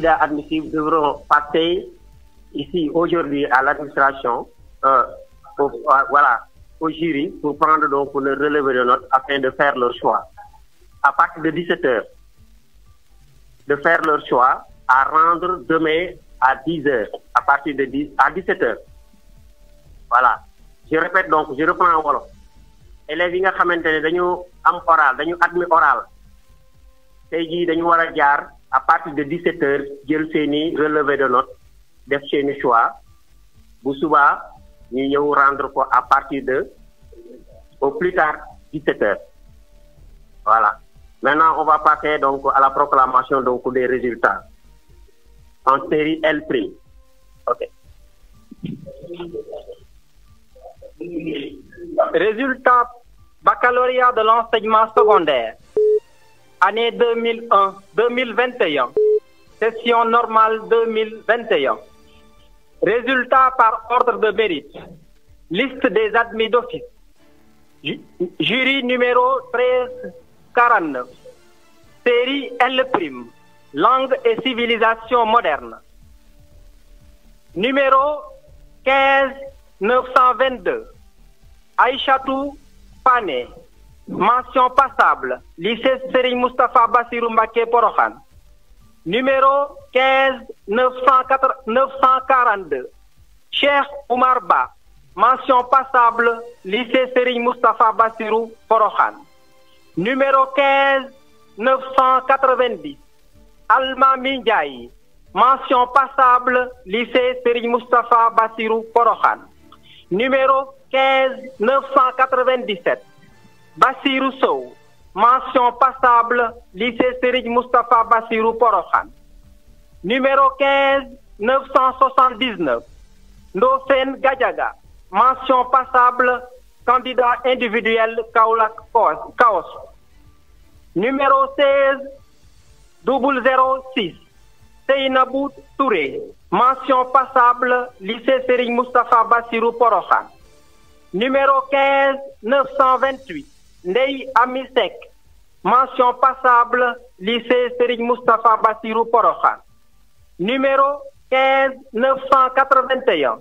candidats admissibles devront passer ici aujourd'hui à l'administration, euh, euh, voilà, au jury pour prendre donc pour le relevé de notes afin de faire leur choix. À partir de 17 h de faire leur choix à rendre demain à 10 h à partir de 10 à 17 h Voilà. Je répète donc, je reprends Voilà. élèves yi am oral admis oral cest dit dañu à partir de 17 heures jël seeni relevé de notes def choix bu nous ñu vous rendre à partir de au plus tard 17 heures voilà maintenant on va passer donc à la proclamation donc des résultats en série L ok résultat baccalauréat de l'enseignement secondaire année 2001-2021, session normale 2021. résultat par ordre de mérite. Liste des admis d'office. Jury numéro 1349. Série L'. Langue et civilisation moderne. Numéro 15922, Aïchatou Pané. Mention passable, lycée Serigne Mustafa Bassirou Mbake porokhan Numéro 15 942. Cheikh Oumar Ba. Mention passable, lycée Serigne Mustapha Bassirou porokhan Numéro 15 990. Alma Mindiaye. Mention passable, lycée Serigne Mustapha Bassirou porokhan Numéro 15 997. Bassirou Sow mention passable lycée sérig Moustapha Bassirou Porokhan. numéro 15 979 Ndofen Gadiaga mention passable candidat individuel Kaolak Kaos numéro 16 006 Seynabou Touré mention passable lycée sérig Moustapha Bassirou Porokhan. numéro 15 928 Ney Amisek, mention passable, lycée sérig Mustafa Bassirou Porokhan. Numéro 15 981,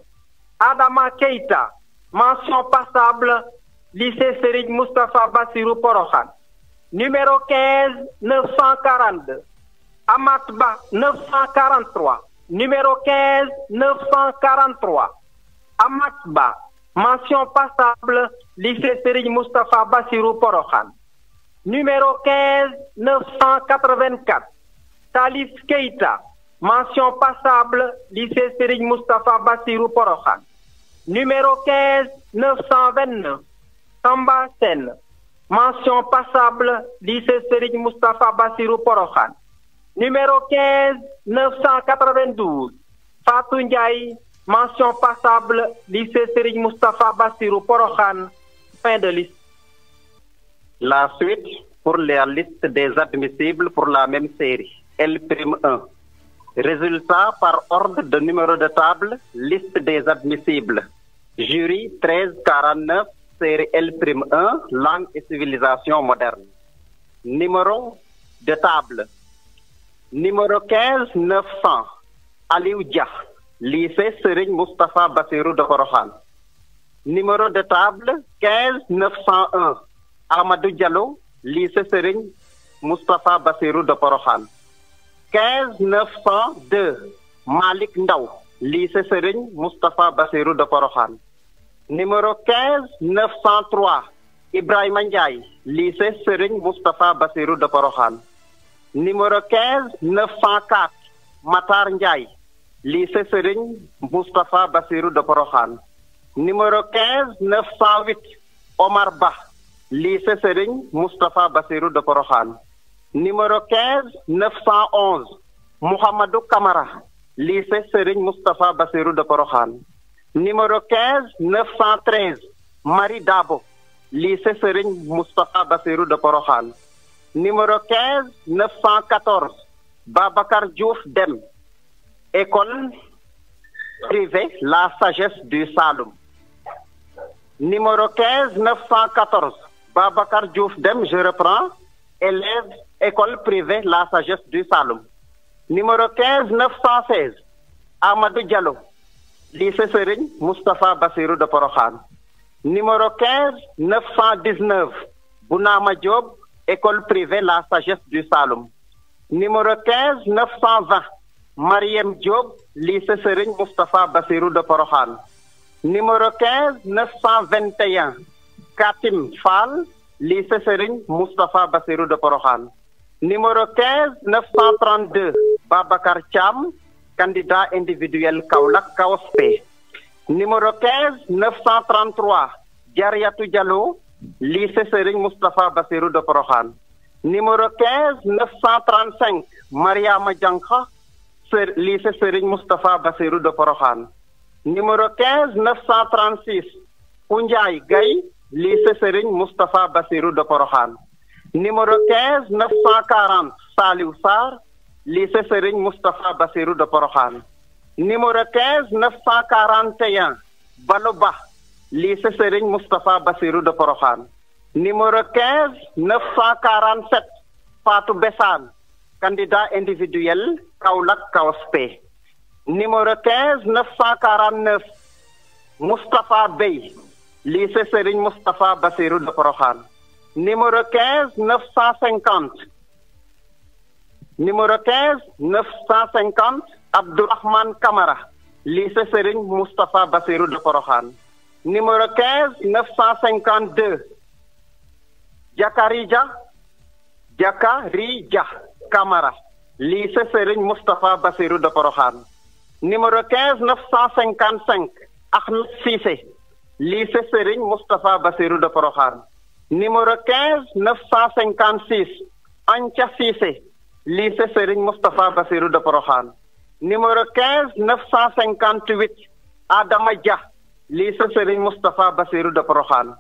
Adama Keita, mention passable, lycée sérig Mustafa Bassirou Porokhan. Numéro 15 942, Amatba 943, numéro 15 943, Amatba Mention passable, lycée Sérig Mustafa Bassirou Porokhan. Numéro 15 984, Talif Keita. Mention passable, lycée Sérig Mustafa Bassirou Porokhan. Numéro 15 929, Samba Sen. Mention passable, lycée Sérig Mustapha Bassirou Porokhan. Numéro 15 992, Fatou Ndiaye Mention passable, lycée Sérig Mustapha Bassirou Porokhan, fin de liste. La suite pour la liste des admissibles pour la même série, L'1. Résultat par ordre de numéro de table, liste des admissibles. Jury 1349, série L'1, langue et civilisation moderne. Numéro de table. Numéro 15 900, Aliou lycée Serigne Moustapha Bassirou de Korohan. Numéro de table 15 901. Amadou Diallo, lycée Serigne Moustapha Bassirou de 15 902. Malik Ndaw, lycée Serigne Moustapha Bassirou de Korohan. Numéro 15 903. Ibrahima Ndiaye, lycée Serigne Moustapha Bassirou de Korohan. Numéro 15 904. Matar Ndiaye, lii Mustafa sëriñ de numéro 15 908 Omar Ba lii Mustafa sëriñ de Porohan. numéro 15 911 Mohamedou Kamara lii Mustafa sëriñ de Porohan. numéro 15 913 Marie Dabo lii Mustafa sëriñ de Porohan. numéro 15 914 Babakar Diouf Dem École privée La Sagesse du Saloum. Numéro 15 914, Babakar Diouf Dem, je reprends, élève, école privée La Sagesse du Saloum. Numéro 15 916, Amadou Diallo, lycée Serigne Mustapha Bassirou de Porokhan. Numéro 15 919, Bouna Diop, école privée La Sagesse du Saloum. Numéro 15 920, Mariam Job, lycée Serigne Mustapha de Porohan. Numéro 15 921, Katim Fall, lycée Serigne Mustafa Bassirou de Porohan. Numéro 15 932, Babakar Cham, candidat individuel Kaulak Kaospe. Numéro 15 933, Diariatou Diallo, lycée Serigne Mustafa Bassirou de Porohan. Numéro 15 935, Maria Majankha, lycée Serigne Moustapha Bassirou de Porohan. numéro 15 936 Punjai gai lycée Serigne Moustapha Bassirou de Porohan. numéro 15 940 Saliou sar lycée Serigne Moustapha Bassirou de Porohan. numéro 15 941 Baloba lycée Serigne Moustapha Bassirou de Porohan. numéro 15 947 Fatou Bessane candidat individuel Kaulak Kaospe. numéro 15 949 Mustafa Bey lycée Serigne Moustapha Basirou de Korohan. numéro 15 950 numéro 15 950 Abdourahmane Kamara lycée Serigne Moustapha Basirou de Korohan. numéro 15 952 Jakarija Jakarija Camara lycée Serigne Mustapha Bassirou de Porokhane numéro 15 955 Ahmed Cissé lycée Serigne Mustapha Bassirou de Porokhane numéro 15 956 Antia Cissé lycée Serigne Mustapha Bassirou de Porokhane numéro 15 958 Adama Dia lycée Serigne Mustapha Bassirou de Porokhane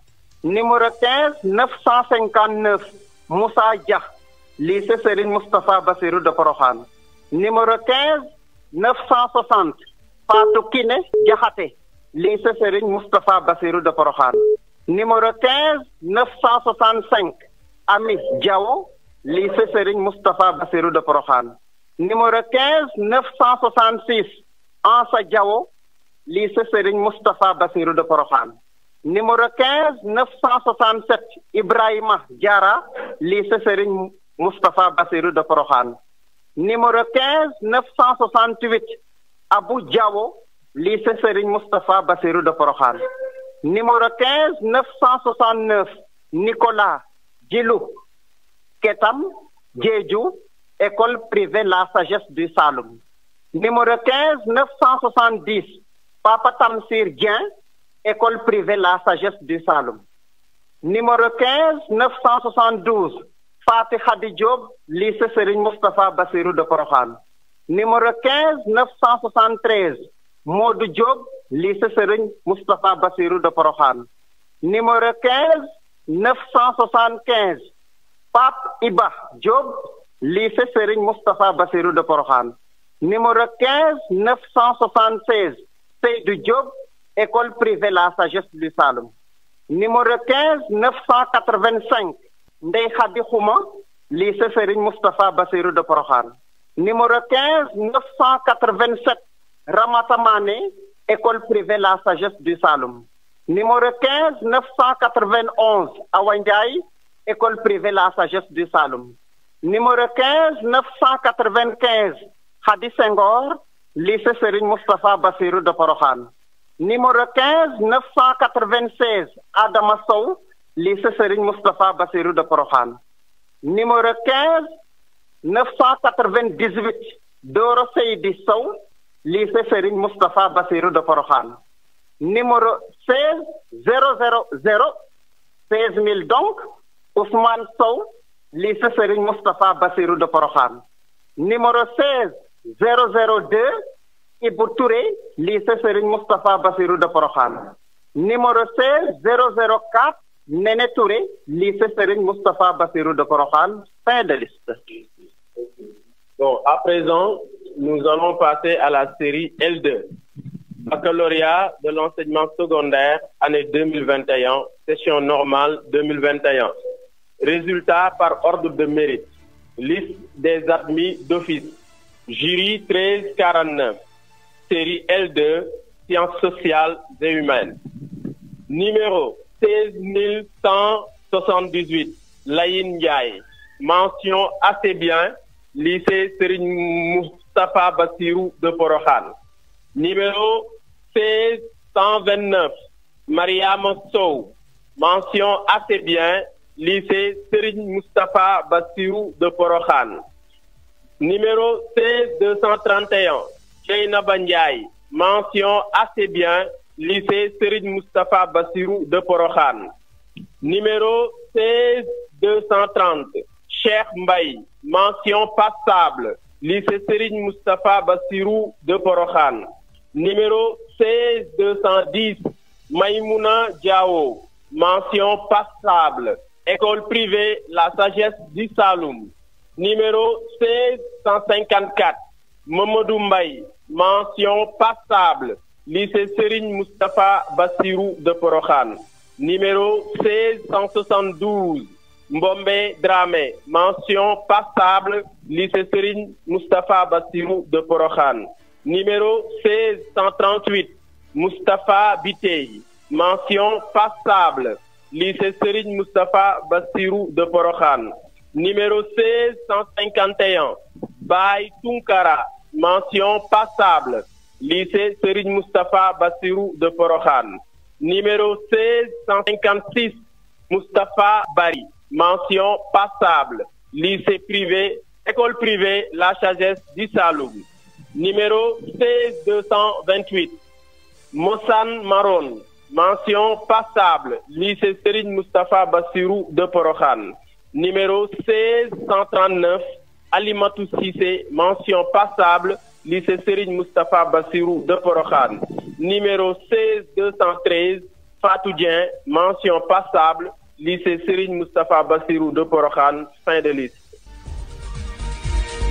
numéro 15 959 Moussa Dia lycée Serigne Moustapha Bassirou de Porokhane numéro 15 960 Fatou Djahate. Diakhaté lycée Mustafa Moustapha de Porokhane numéro 15 965 Amis Djao. lycée Serigne Mustafa Bassirou de Porokhane numéro 15 966 Ansa Diawo lycée Serigne Mustafa Bassirou de Porokhane numéro 15 967 Ibrahima Diara lycée Serigne Mustafa Bassirou de Porokhane numéro 15 968 Abu Djawo, lycée Serigne Mustafa Bassirou de numéro 15 969 Nicolas Djilou Ketam Djedjou école privée La Sagesse du Saloum numéro 15 970 Papa Tamsir Dien école privée La Sagesse du Saloum numéro 15 972 Pathé Hadi Diop lycée Serigne Mustapha Bassirou de numéro 15 973 Modou Diop lycée Serigne Mustapha Bassirou de Porokhane numéro 15 975 Pape Iba Diop lycée Serigne Mustapha Bassirou de Porokhane numéro 15 976 Seydou Diop école privée La Sagesse du Saloum numéro 15 985 Ndey Khadi Khouma lycée Serigne Moustapha Bassirou de Porokhan. numéro 15 987 Ramatamane école privée La Sagesse du Saloum numéro 15 991 Awangay, école privée La Sagesse du Saloum numéro 15 995 Khadi Senghor lycée Serigne Moustapha Bassirou de Porokhan. numéro 15 996 Adama Sow lycée Serigne Moustapha Bassirou de Porokhane numéro 15 998 Doro Seydi Sow lycée Serigne Moustapha Bassirou de Porokhane numéro 16 000 16 000 donc Ousmane Sow lycée Serigne Mustafa Bassirou de Porokhane numéro 16 002 Ibou Touré lycée Serigne Moustapha Bassirou de Porokhane numéro 16 004 Nené Touré lycée Serigne Moustapha Bassirou de Korokan fin de liste. Bon, à présent, nous allons passer à la série L2. Baccalauréat de l'enseignement secondaire, année 2021, session normale 2021. Résultat par ordre de mérite. Liste des admis d'office. Jury 1349. Série L2, sciences sociales et humaines. Numéro 16 178 Ndiaye mention assez bien lycée Serigne Moustapha Bassirou de Porochal numéro 1629, Maria Mariama mention assez bien lycée Serigne Moustapha Bassirou de Porochal numéro 16231, 231 Jaina mention assez bien lycée Serigne Mustapha Bassirou de Porokhane. Numéro 16 230, Cheikh Mbaye, mention passable, lycée Serigne Mustapha Bassirou de Porokhane. Numéro 16210, 210, Maïmouna Diao, mention passable, école privée La Sagesse du Saloum. Numéro 16 154, Momodou Mbaye, mention passable, lycée Mustapha Bassirou de Porokhan. Numéro 1672, mbombe Dramé. Mention passable, lycée Serigne Mustapha Bassirou de Porohan. Numéro 1638, Mustapha Bitey. Mention passable, lycée Serigne Mustapha Bassirou de Porohan. Numéro 1651, Bay Tunkara. Mention passable, lycée Serigne Mustapha Bassirou de Porokhan Numéro 1656, Mustapha Bari. Mention passable. Lycée privé, école privée, la chagesse du Saloum. Numéro 16228, Mossan Maron. Mention passable. Lycée Serigne Mustapha Bassirou de Porokhan Numéro 1639, Alimatou Sissé. Mention passable lycée Serigne Mustapha Bassirou de Porokhan Numéro 16 213 mention passable, lycée Serigne Mustapha Bassirou de Porokhan fin de liste.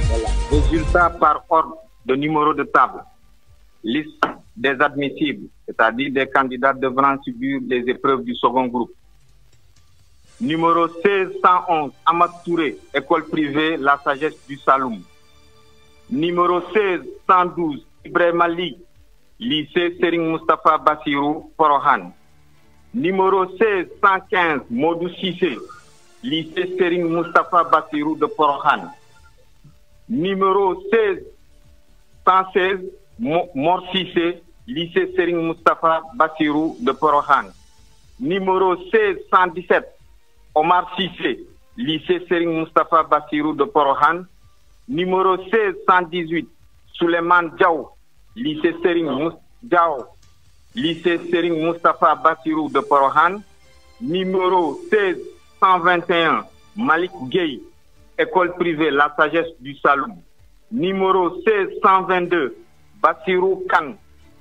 Voilà. Résultat par ordre de numéro de table. Liste des admissibles, c'est-à-dire des candidats devant subir les épreuves du second groupe. Numéro 1611, Amat Touré, école privée La Sagesse du Saloum numéro 16 112 Ibrahim Ali, lycée Sering Mustafa Bassirou, Porohan. Numéro 16 115 Modou Sissé, lycée Sering Mustafa Bassirou de Porohan. Numéro 16 116 lycée Sering Mustafa Bassirou de Porohan. Numéro 16 117 Omar Sissé, lycée Sering Mustafa Bassirou de Porohan numéro 1618, Suleiman Diaw, lycée Sering Diaw, lycée Moustapha Bassirou de Porohan, numéro 1621, Malik Gueye, école privée La Sagesse du Saloum, numéro 1622, Bassirou Khan,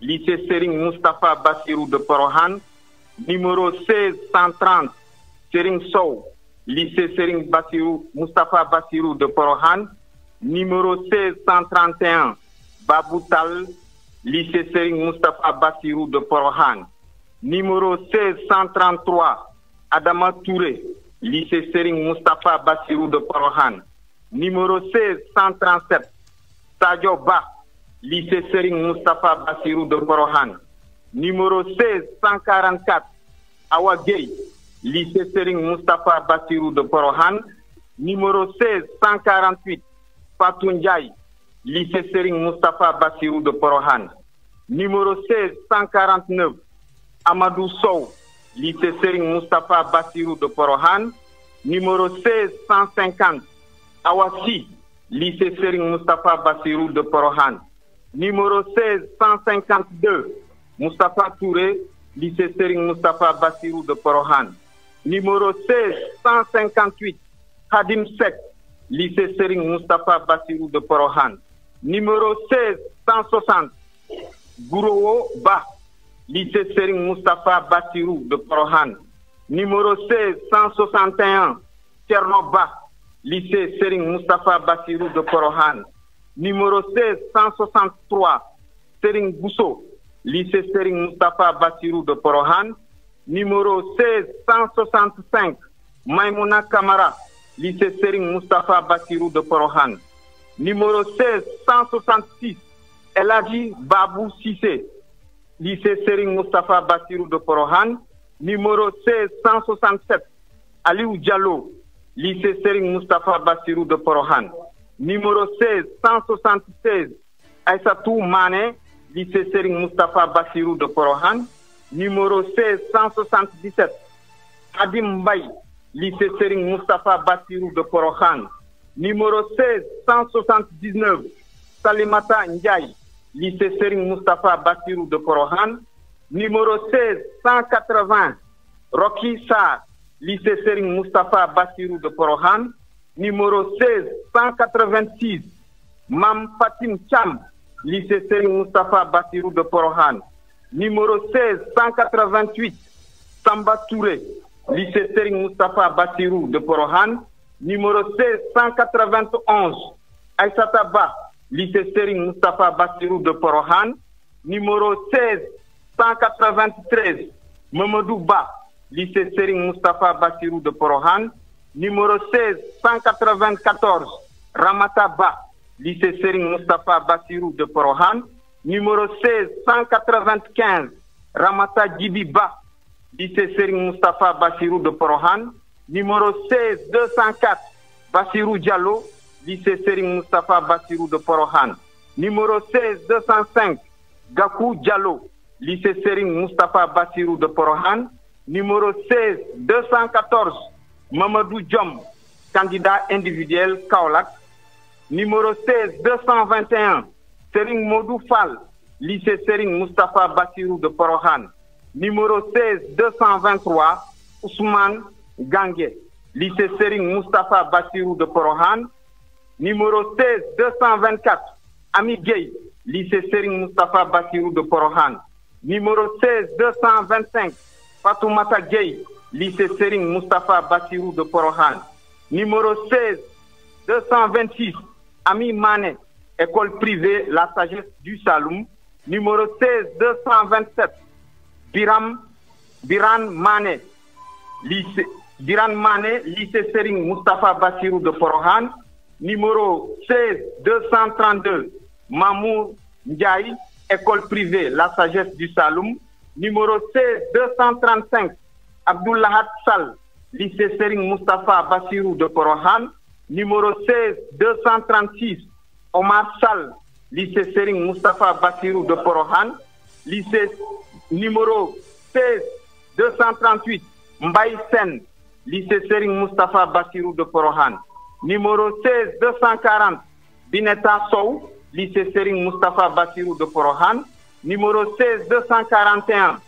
lycée Sering Moustapha Bassirou de Porohan, numéro 1630, Sering Sow, lycée Sering Bassirou, Moustapha Bassirou de Porohan, numéro 1631, Baboutal, lycée Sering Moustapha Bassirou de Porohan. Numéro 1633, Adama Touré, lycée Sering Moustapha Bassirou de Porohan. Numéro 1637, Sadio Ba, lycée Sering Mustafa Bassirou de Porohan. Numéro 1644, Awa lycée Sering Moustapha Bassirou de Porohan. Numéro 1648, Fatou Ndiaye, lycée Sering Mustapha Bassirou de Porohan. Numéro 16, 149, Amadou Sow, lycée Sering Mustapha Bassirou de Porohan. Numéro 16, 150, Awassi, lycée Sering Mustapha Bassirou de Porohan. Numéro 16, 152, Mustapha Touré, lycée Sering Mustapha Bassirou de Porohan. Numéro 16, 158, Hadim Sek, lycée Sering Mustapha Bassirou de Porohan. Numéro 16 160, Gourowo Ba, lycée Sering Mustapha Bassirou de Porohan. Numéro 16 161, Tchernoba, lycée Sering Mustapha Bassirou de Porohan. Numéro 16 163, Sering Bousso, lycée Sering Mustapha Bassirou de Porohan. Numéro 16 165, Maimouna Kamara, lycée Sering Mustafa Bassirou de Porohan. Numéro 16, 166, Babou Sissé, lycée Sering Mustafa Bassirou de Porohan. Numéro 16, 167, Aliou Diallo, lycée Sering Mustafa Bassirou de Porohan. Numéro 16, 176, Aïssatou Mané, lycée Sering Mustafa Bassirou de Porohan. Numéro 16, 177, Adim Mbaye, lycée Sering Mustapha Bassirou de Porohan, Numéro 16, 179, Salimata Ndiaye, lycée Sering Mustapha Bassirou de Korohan. Numéro 16, 180, Rocky Sa. lycée Sering Mustapha Bassirou de Korohan. Numéro 16, 186, Mam Fatim Cham, lycée Sering Mustapha Bassirou de Korohan. Numéro 16, 188, Samba Touré, lycée Serigne Mustafa de Porohan, numéro 16 191, Aïssata lycée Serigne Mustafa Bassirou de Porohan, numéro 16 193, Mamadou Ba, lycée Serigne Mustafa Bassirou de Porohan, numéro 16 194, Ramata Ba, lycée Serigne Mustafa Bassirou de Porohan, numéro 16 195, Ramata Gibiba lycée séring Mustapha Bassirou de Porohan, numéro 16 204 Bassirou Diallo, lycée séring Mustapha Bassirou de Porohan, numéro 16 205 Gakou Diallo, lycée séring Mustapha Bassirou de Porohan, numéro 16 214 Mamadou Diom, candidat individuel Kaolak. numéro 16 221 Sering Modou Fall, lycée Sering Mustapha Bassirou de Porohan, numéro 16 223 Ousmane Gangue, lycée Sering Mustafa Bassirou de Porohan, numéro 16 224 Ami Gay, lycée Sering Mustafa Bassirou de Porohan, numéro 16 225 Fatoumata Gay, lycée Sering Mustafa Bassirou de Porohan, numéro 16 226 Ami Mané, école privée La Sagesse du Saloum, numéro 16 227 Biram Biran Mané, lycée, Mané, Sering Mustapha Bassirou de Porohan numéro 16 232 Mamou Ndiaye, école privée La Sagesse du Saloum, numéro 16 235 Abdullah Sal, lycée Sering Mustapha Bassirou de Porohan numéro 16 236 Omar Sal, lycée Sering Mustapha Bassirou de Porohan lycée numéro 16 238 Mbaye Sen, lycée Sering Mustapha Bassirou de Porohan. Numéro 16 240 Bineta sou lycée Sering Mustapha Bassirou de Porohan. Numéro 16 241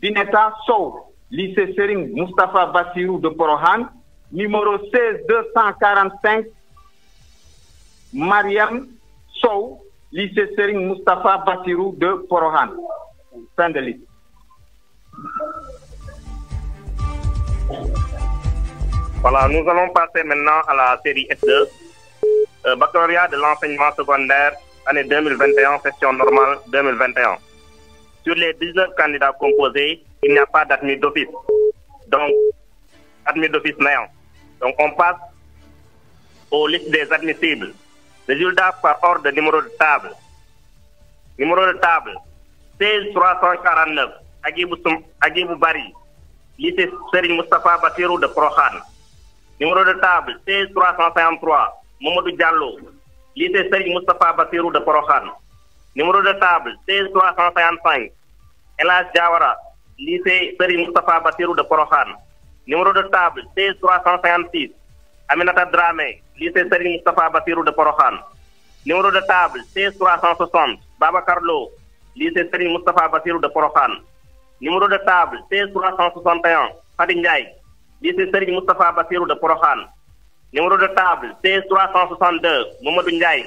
Bineta sou lycée Sering Mustapha Bassirou de Porohan. Numéro 16 245 Mariam Sou, lycée Sering Mustapha Bassirou de Porohan. Fin de liste. Voilà, nous allons passer maintenant à la série S2. Euh, baccalauréat de l'enseignement secondaire, année 2021, session normale 2021. Sur les 19 candidats composés, il n'y a pas d'admis d'office. Donc, admis d'office néant. Donc, on passe aux listes des admissibles. Résultat par ordre de numéro de table. Numéro de table 16 349 Ajibu Sum Ajibu Bari lycée Serigne Mustapha batirou de Korohan. numéro de table 16 Mamadou Diallo lycée Serigne Mustapha Batiru de Korohan. numéro de table 16 355 jawara Jawara. lycée Serigne Mustapha Batiru de Korohan. numéro de table 16 356 Aminata Dramé lycée Serigne mustapha Batiru de Korohan. numéro de table 16360 Baba Carlo lycée Serigne Mustapha Basirou de Porokhane. Numéro de table 16 361 Fadi Ndiaye, lycée Serigne Mustapha Basirou de Porokhane. Numéro de table 16 362 Mamadou Ndiaye,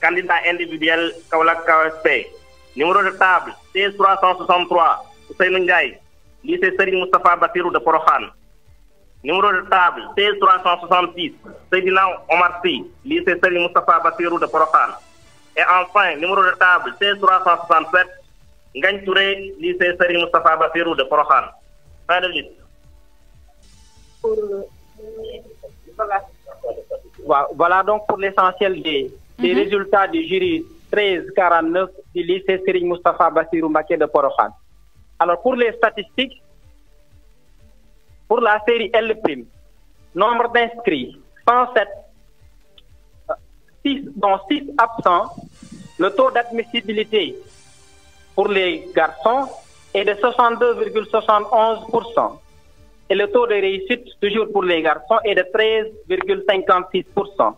candidat individuel Kaolack KSP. Numéro de table 16 363 Ousseynou Ndiaye, lycée Serigne Mustapha Basirou de Porokhane. Numéro de table 16 366 Seydina Omar Sy, lycée Serigne Mustapha Basirou de Porokhane. Et enfin, numéro de table C367, Touré, lycée Série Moustapha Bafirou de Porohan. Fin de liste. Voilà. donc pour l'essentiel des, mhm. résultats du jury 1349 du lycée Série Moustapha Bafirou maké de Porohan. Alors pour les statistiques, pour la série L', nombre d'inscrits 107 dans dont 6 absents, le taux d'admissibilité pour les garçons est de 62,71% et le taux de réussite, toujours pour les garçons, est de 13,56%.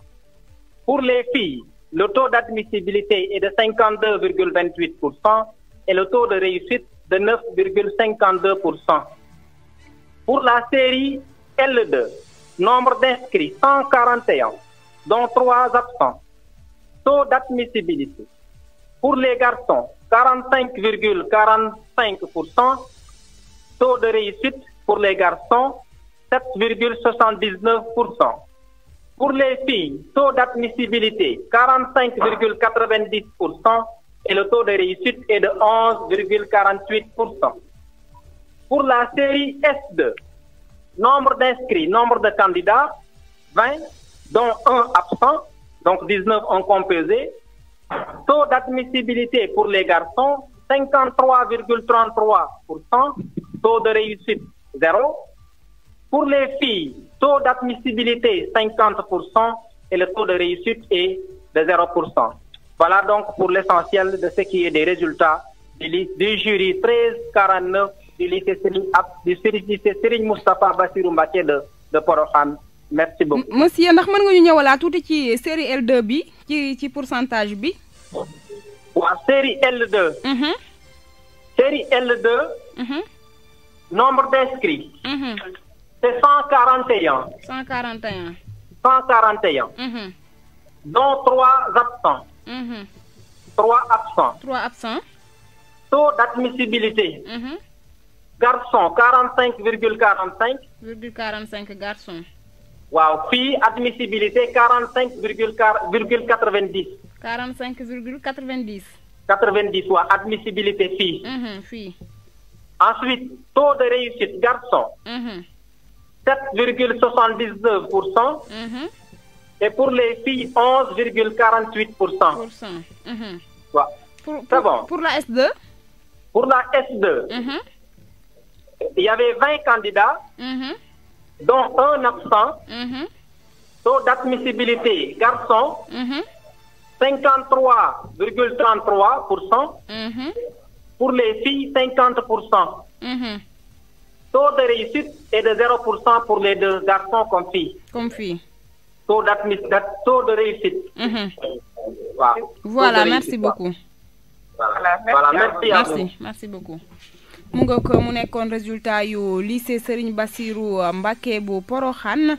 Pour les filles, le taux d'admissibilité est de 52,28% et le taux de réussite de 9,52%. Pour la série L2, nombre d'inscrits 141, dont 3 absents d'admissibilité pour les garçons, 45,45%, taux de réussite pour les garçons, 7,79%. Pour les filles, taux d'admissibilité 45,90% et le taux de réussite est de 11,48%. Pour la série S2, nombre d'inscrits, nombre de candidats, 20, dont un absent, donc 19 ont composé. Taux d'admissibilité pour les garçons, 53,33%. Taux de réussite, 0. Pour les filles, taux d'admissibilité, 50%. Et le taux de réussite est de 0%. Voilà donc pour l'essentiel de ce qui est des résultats du, jury 1349 du lycée Serigne Moustapha Bassirou de, de merci beaucoup monsieur nous avons nga ñu ñëwala série L2 bi ci ci pourcentage bi série L2 mhm. série L2 mhm. nombre d'inscrits mhm. c'est 141 141 141 dont 3 absents Trois 3 absents 3 absents taux d'admissibilité garçon 45,45 45 garçon. Wow, admissibilité 45,90. 45,90%. 90, oui, admissibilité fille. Mhm, ensuite taux de réussite garçon. 7,79 mhm. mhm. et pour les filles 11,48 pour bon. pour la S2. pour la S2. il y avait 20 candidats dont un absent, mm-hmm. taux d'admissibilité garçon, 53,33%, mm-hmm. mm-hmm. pour les filles, 50%. Taux de réussite est de 0% pour les deux garçons comme filles. Comme filles. Taux, taux de réussite. Voilà, merci beaucoup. Voilà, merci, merci, merci, merci beaucoup. mu nga ko mu nekkoon résultat yu lycée Serigne Bassirou Mbacké bu Porokhane